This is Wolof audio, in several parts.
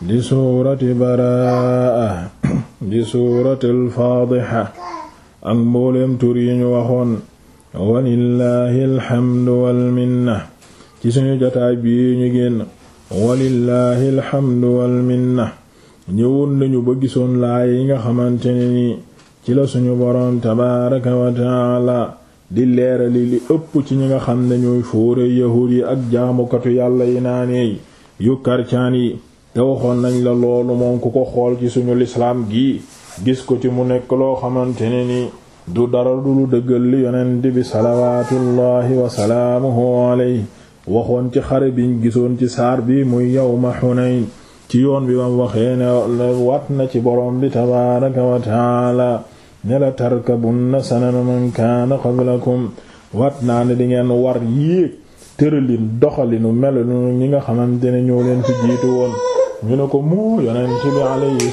di suurati baraa di suuratil faadixa ak mbooleem tur yi ñu waxoon walillahi alhamdu walminna ci suñu jotaay bii ñu génn walillahi alhamdu walminna ñëwoon nañu ba gisoon laay yi nga xamante nii ci la suñu boroom tabaaraka wa di leerali li ëpp ci ñi nga xam ne ñuy fóore yahuud yi ak jaamukatu yàlla yi naanee yu karcaan yi te waxoon nañ la loolu moom ku ko xool ci suñu lislaam gii gis ko ci mu nekk loo xamante ne ni du dara du lu dëggal li yonent bi salawaatullaahi wa salaamuhu alayhi waxoon ci xare biñ gisoon ci saar bi muy yawma xunayn ci yoon wi bam ne wat na ci borom bi tabaaraka wa taala ne la tarkabunna sanana man kaana qablakum wat naa ne dingeen ngeen war yéeg tëralin doxalinu melunu ñi nga xamante ne ñoo leen fi woon ñu ne ko moo yonent bi alayhi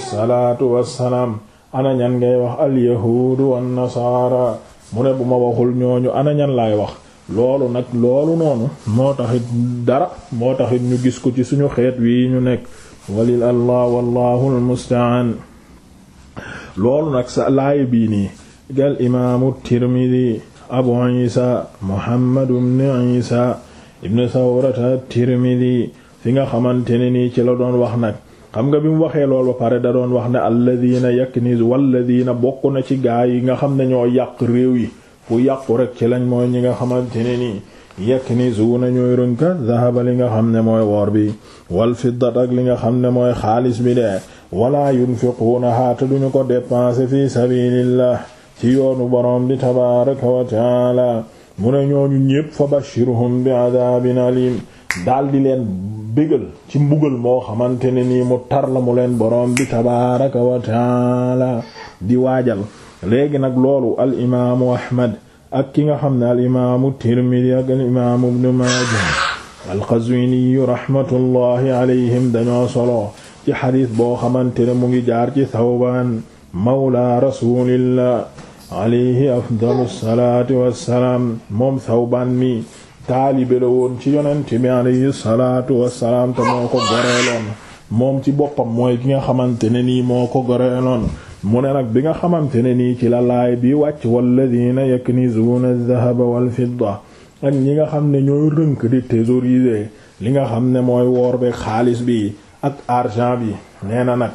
wassalaam ana ngay wax alyahuudu wan nasaara mu ne bu ma waxul ñooñu ana ñan laay wax loolu nag loolu noonu moo taxit dara moo taxit ñu gis ko ci suñu xeet wi ñu nekk walil allah wallahu almustaan loolu nag sa laay bii nii gal imaamu tirmidi abu isa muhammadu ibn isa ibn sawrata tirmidi fi nga xamante ne nii ci la doon wax nag xam nga bi mu waxee lool ba pare da doon wax ne alladina yakniz walladina bokk na ci gaa yi nga xam ne ñoo yàq réew yi fu yàqu rek ci lañ mooy ñi nga xamante ne nii yaknizuna ñooy rënka dahaba li nga xam ne mooy woor bi wal fiddat ak li nga xam ne mooy xaalis bi de wala yunfiqunaha te duñu ko dépenser fi sabilillah ci yoonu borom bi tabaraka wa taala mu ne ñooñu ñépp fa bashirhum bi adabin bégal ci mbugal moo xamante ne nii mu tar mu leen boroom bi tabaaraka wa taala di waajal léegi nag loolu al imaamu ahmad ak ki nga xam ne al imaamu tirmidi ak al imaamu ibnu maajah al qazwini rahmatullahi alayhim dañoo solo ci xadiis boo xamante ne mu ngi jaar ci thawbaan mawla rasulillah alayhi afdalu salaatu wassalaam moom thawbaan mi taalibe la woon ci yonent bi alayhi salaatu wassalaam te moo ko goreeloon moom ci boppam mooy ki nga xamante ne nii moo ko goreeloon mu ne nag bi nga xamante ne nii ci lalaay bi wàcc walladina yaknizuuna adh-dhahaba wal-fidda ak ñi nga xam ne ñooy rënk di thésauriser li nga xam ne mooy woor beeg xaalis bi ak argent bi nee na nag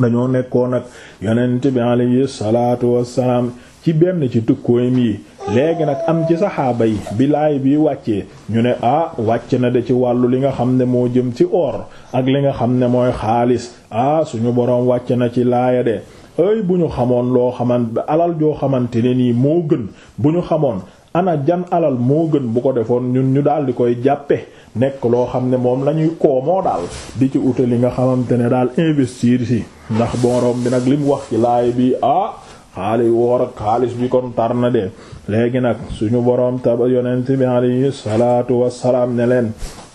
dañoo nekkoon nag yonent bi alayhi salaatu wassalaam ci benn ci tukkooyam yi léegi nag am ci saxaaba yi bi laay bi wàccee ñu ne ah wàcc na de ci wàllu li nga xam ne moo jëm ci or ak li nga xam ne mooy xaalis ah suñu boroom wàcc na ci laaya de ay bu ñu xamoon loo xaman alal joo xamante ne nii moo gën bu ñu xamoon ana jan alal moo gën bu ko defoon ñun ñu daal di koy jàppe nekk loo xam ne moom la ñuy koomoo daal di ci ute li nga xamante ne daal investir si ndax boroom bi nag li wax ci laay bi ah xaalis woor ak xaalis bi kon tar na de léegi nag suñu boroom tab yonent bi alayhi salaatu wassalaam ne leen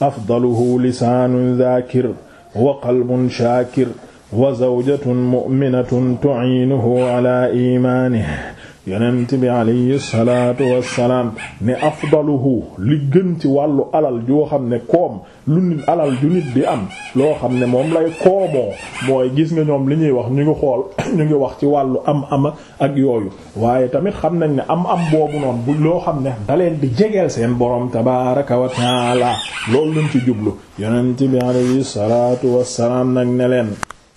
afdaluhu lisaanun dhaakir wa qalbun shaakir wa zawjatun mu'minatun tu'iinuhu ala iimaanihi yeneen yonent bi alayhi salaatu wassalaam ne afdaluhu li gën ci wàllu alal joo xam ne koom lu nit alal ju nit bi am loo xam ne moom lay koomoo mooy gis nga ñoom li ñuy wax ñu ngi xool ñu ngi wax ci wàllu am ama ak yooyu waaye tamit xam nañ ne am am boobu noonu loo xam ne daleen bi jegeel seen borom tabaaraka wa taala loolu luñ ci jublu yonent bi alayhi salaatu wassalaam nag ne leen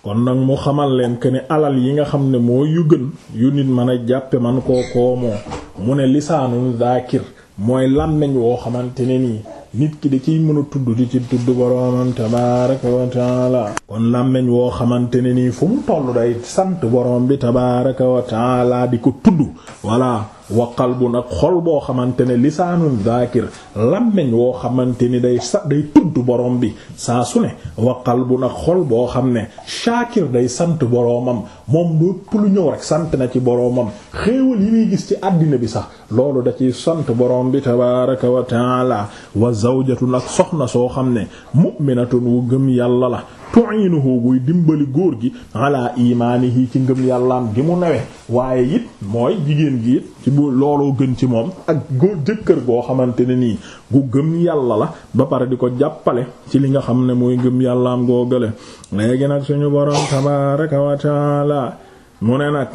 kon nag mu xamal leen que ne alal yi nga xam ne moo yu gën yu nit mën a jàppe man koo koomoo mu ne lisaanul zaakir mooy làmmiñ woo xamante ne nii nit ki di ciy mën a tudd di ci tudd boroomam tabaaraka wa taala kon làmmiñ woo xamante ne nii fu mu toll day sant boroom bi tabaaraka wa taala di ko tudd voilà wa bu nag xol boo xamante ne lisaanun zaakir làmmiñ woo xamante ni day sa day tudd borom bi saa su ne wa qalbun ak xol boo xam ne shaakir day sant boromam moom lépp lu ñëw rek sant na ci boroomam xéewal yi muy gis ci àddina bi sax loolu da ciy sant borom bi tabaaraka wa taala wa zawjatun ak soxna soo xam ne mu'minatun wu gëm yàlla la tu'inuhu buy dimbali góor gi ala imaanihi ci ngëm yàllaam gi mu newe waaye it mooy jigéen gi it ci bu looloo gën ci moom ak góor jëkkër goo xamante ne nii gu gëm yàlla la ba pare di ko jàppale ci li nga xam ne mooy ngëm yàllaam goo gële léegi nag suñu boroom tabaaraka wa taala mu ne nag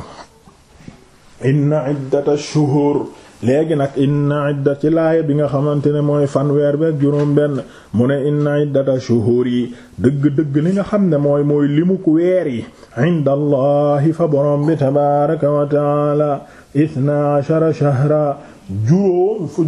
inna iddatash shuhur léegi nag inna idda ci laaya bi nga xamante ne mooy fanweer beeg juróom benn mu ne inna iddata shuhur yi dëgg-dëgg li nga xam ne mooy mooy limuk weer yi inda allahi fa borom bi tabaraka wa taala isna ashara juróom fu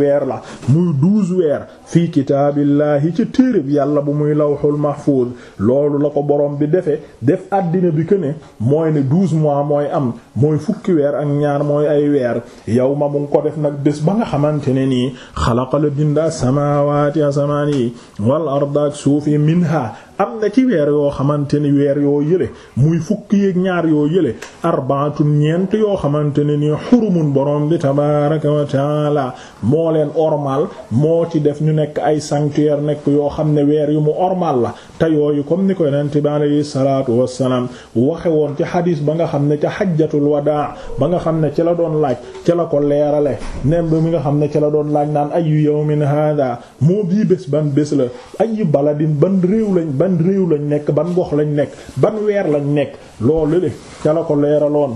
weer la muy douze weer fii kitaabillahi ci téereb yàlla bu muy lawxul mahfuuz loolu la ko borom bi defee def àddina bi que ne mooy ne douze mois mooy am mooy fukki weer ak ñaar mooy ay weer yow ma mu ngi ko def nag bés ba nga xamante ne nii xalaqa la bind as-samaawaati asamaan yi wal arda ak suuf yi minha am na ci weer yoo xamante ni weer yoo yële muy fukki yeeg ñaar yoo yële arbaatun ñeent yoo xamante ne nii xurumun borom bi tabaaraka wa taala moo leen ormal moo ci def ñu nekk ay sanctuaire nekk yoo xam ne weer yu mu ormal la te yooyu comme ni ko yonent bi alayhi salaatu wassalaam waxe woon ci xadiis ba nga xam ne ca wa wadaa ba nga xam ne ci la doon laaj ci la ko leerale nem bi mi nga xam ne ci la doon laaj naan ayyu yawmin hada moo bii bés ban bés la ayyu baladin ban réew lañ ban réew lañ nekk ban gox lañu nekk ban weer lañ nekk loolu le ca la ko leeraloon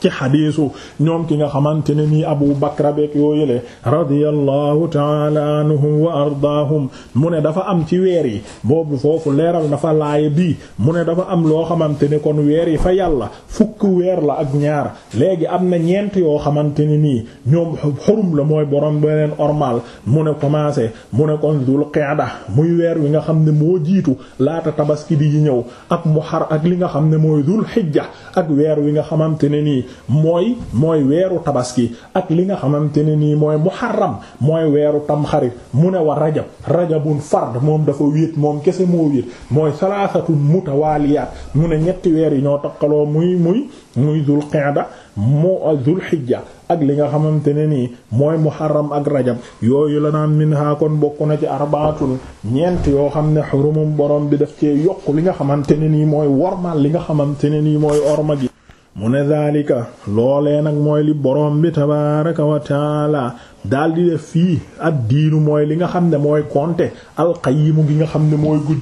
ci xadiisu ñoom ki nga xamante ne nii Abu Bakra beek yoo yële radiyallahu taala anhum wa ardaahum mu ne dafa am ci weer yi boobu foofu leeral dafa laaya bii mu ne dafa am loo xamante ne kon weer yi fa yàlla fukk weer la ak ñaar léegi am na ñeent yoo xamante ne nii ñoom xurum la mooy borom beneen ormal mu ne commencé mu ne kon dul qiyada muy weer wi nga xam ne moo jiitu laata tabaski bi di ñëw ak muhar ak li nga xam ne mooy dul xijja ak weer wi nga xamante ne nii mooy mooy weeru tabaski ak li nga xamante ne nii mooy muharram mooy weeru tamxarit mu ne wa rajab rajabun fard moom dafa wéet moom kese moo wéet mooy salaasatun mutawaaliyaat mu ne ñetti weer yi ñoo takkaloo muy muy muy dul qa'da moo dul xijja ak li nga xamante ne nii mooy muharram ak rajab yooyu la naan minha kon bokk na ci arbaatun ñeent yoo xam ne xurumum borom bi def cee yokk li nga xamante ne nii mooy wormal li nga xamante ne nii mooy orma gi mu ne daalika loolee nag mooy li borom bi tabaaraka wa taala daal def fii ad diinu mooy li nga xam ne mooy konte alqayimu gi nga xam ne mooy gu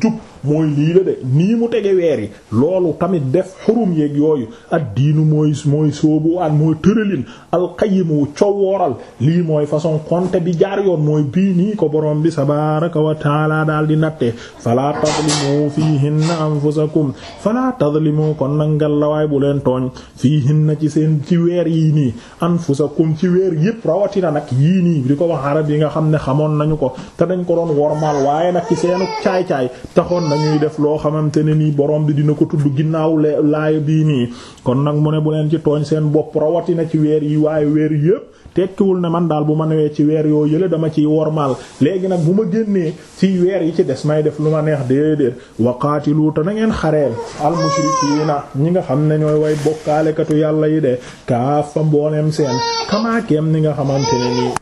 mooy lii la de nii mu tege weer yi loolu tamit def xurum yéeg yooyu ak diinu mooy mooy soobu aan mooy tëralin alqayimu cowooral lii mooy façon compte bi jaar yoon mooy bii nii ko borom bi tabaraka wa taala daal di nattee fala tadlimu fiihinna anfusakum fala tadlimu kon nag ngelawaay bu leen tooñ fiihinna ci seen ci weer yii nii anfusakum ci weer yépp rawatina nag yii nii di ko wax arab yi nga xam ne xamoon nañu ko te dañ ko doon wormal waaye nag ci seenu caay nañuy def loo xamante ne nii boroom bi dina ko tudd ginnaaw laaya bii nii kon nag mu ne bu leen ci tooñ seen bopp rawatina ci weer yi waaye weer yépp tekkiwul ne man daal bu ma newee ci weer yoo yële dama ciy wormaal léegi nag bu ma génnee ci weer yi ci des may def lu ma neex déedéet waqaatilu te na ngeen xareel na ñi nga xam ne ñooy way bokkaalekatu yàlla yi de kaaffa mbooleem seen kamaakeem ni nga xamante nii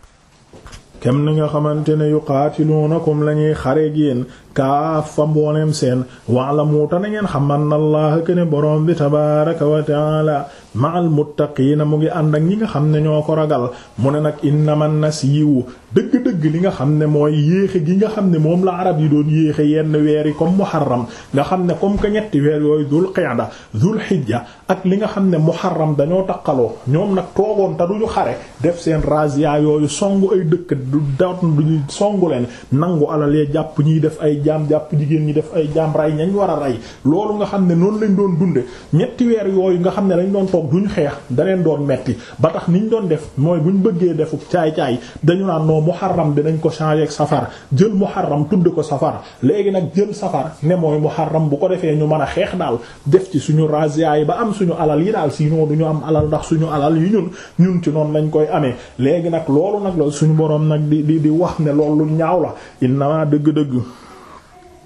kem ni nga xamante ne yuqaatiluunakum la ñuy xare ak yéen kaafa mbooleem seen wa'lamu ta na ngeen xam anna Allaha ne borom bi tabaaraka wa ta'aala ma'al muttaqiina mu ngi ànd ak ñi nga xam ne ñoo ko ragal mu ne nag innaman nasiyu dëgg-dëgg li nga xam ne mooy yéexe gi nga xam ne moom la arab yi doon yéexe yenn weer yi comme muharram nga xam ne comme que ñetti weer yooyu dul qiyada dul xijja ak li nga xam ne muharram dañoo taqaloo ñoom nag toogoon te duñu xare def seen razzia yooyu songu ay dëkk du daat duñu songu leen nangu alal ya jàpp ñiy def ay jaam jàpp jigéen ñi def ay jaam rey ñañ war a rey loolu nga xam ne noonu lañ doon dunde ñetti weer yooyu nga xam ne lañ doon toog duñu xeex da leen doon metti ba tax niñ doon def mooy bu ñu bëggee defu caay-caay dañu muharram dinañ ko changer ak safar jël muharram tudd ko safar léegi nag jël safar ne mooy muharram bu ko defee ñu mën a xeex daal def ci suñu razzia yi ba am suñu alal yi daal sinon du am alal ndax suñu alal yi ñun ñun ci noonu lañ koy amee léegi nag loolu nag loolu suñu boroom nag di di di wax ne loolu ñaaw la inna dëgg-dëgg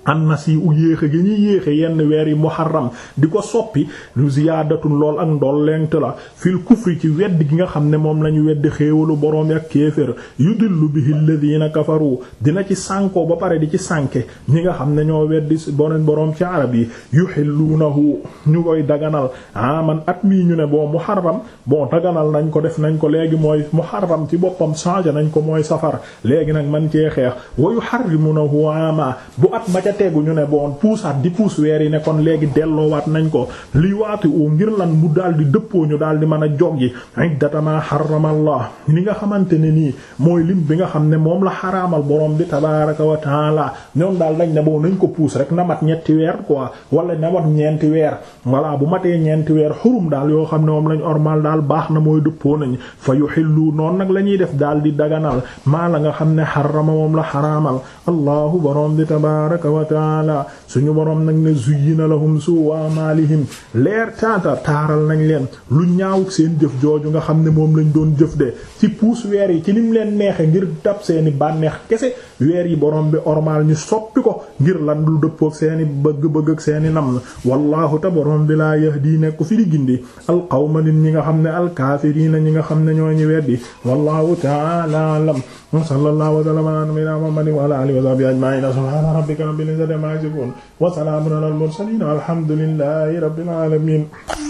annasi u yéexe gi ñuy yéexe yenn weer yi muharram di ko soppi lu ziyaadatun lool ak ndool lent la fil kufri ci wedd gi nga xam ne moom lañu wedd xéewalu boroom ak kéefër yudillu bihi alladhina kafaru dina ci sànkoo ba pare di ci sànke ñi nga xam ne ñoo weddi boneen boroom ci arab yi yuhillunahu ñu koy daganal aman at mii ñu ne boo muharram bon daganal nañ ko def nañ ko léegi mooy muharram ci boppam changé nañ ko mooy safar léegi nag man cee xeex tegu ñu ne bon puusaat di puus weer yi ne kon léegi delloowaat nañ ko liy waatu u ngir lan mu daal di dëppoo ñu daal di mën a jog yi iddatamaa xaramallah li nga xamante ne nii mooy lim bi nga xam ne moom la xaraamal borom bi tabaraka wa taala ñoom daal dañ ne bon nañ ko puus rek na mat ñetti weer quoi wala na mat ñeenti weer voilà bu matee ñeenti weer xurum daal yoo xam ne moom lañ ormal daal baax na mooy dëppoo nañ fa yuhillu noonu nag la ñuy def daal di daganal maa la nga xam ne xarama xaraamal taala suñu borom nag ne zuyyina lahum suu amalihim leer tanta taaral nañ leen lu ñaawuk seen jëf jooju nga xam ne moom lañu doon jëf de ci puus weer yi ci nim leen neexe ngir dab seeni bànneex kese weer yi borom bi ormal ñu soppi ko ngir lan lu dëppook seeni bëgg-bëgg seeni nam wallahu ta borom bi laa yahdi nekk fi di gindi alqawma nit ñi nga xam ne alkaafiriina ñi nga xam ne ñoo ñi weddi wallahu taala alam sallallahu alayhi wa sallam wa salaamun alal mursaliin walhamdulillahi rabbil aalamiin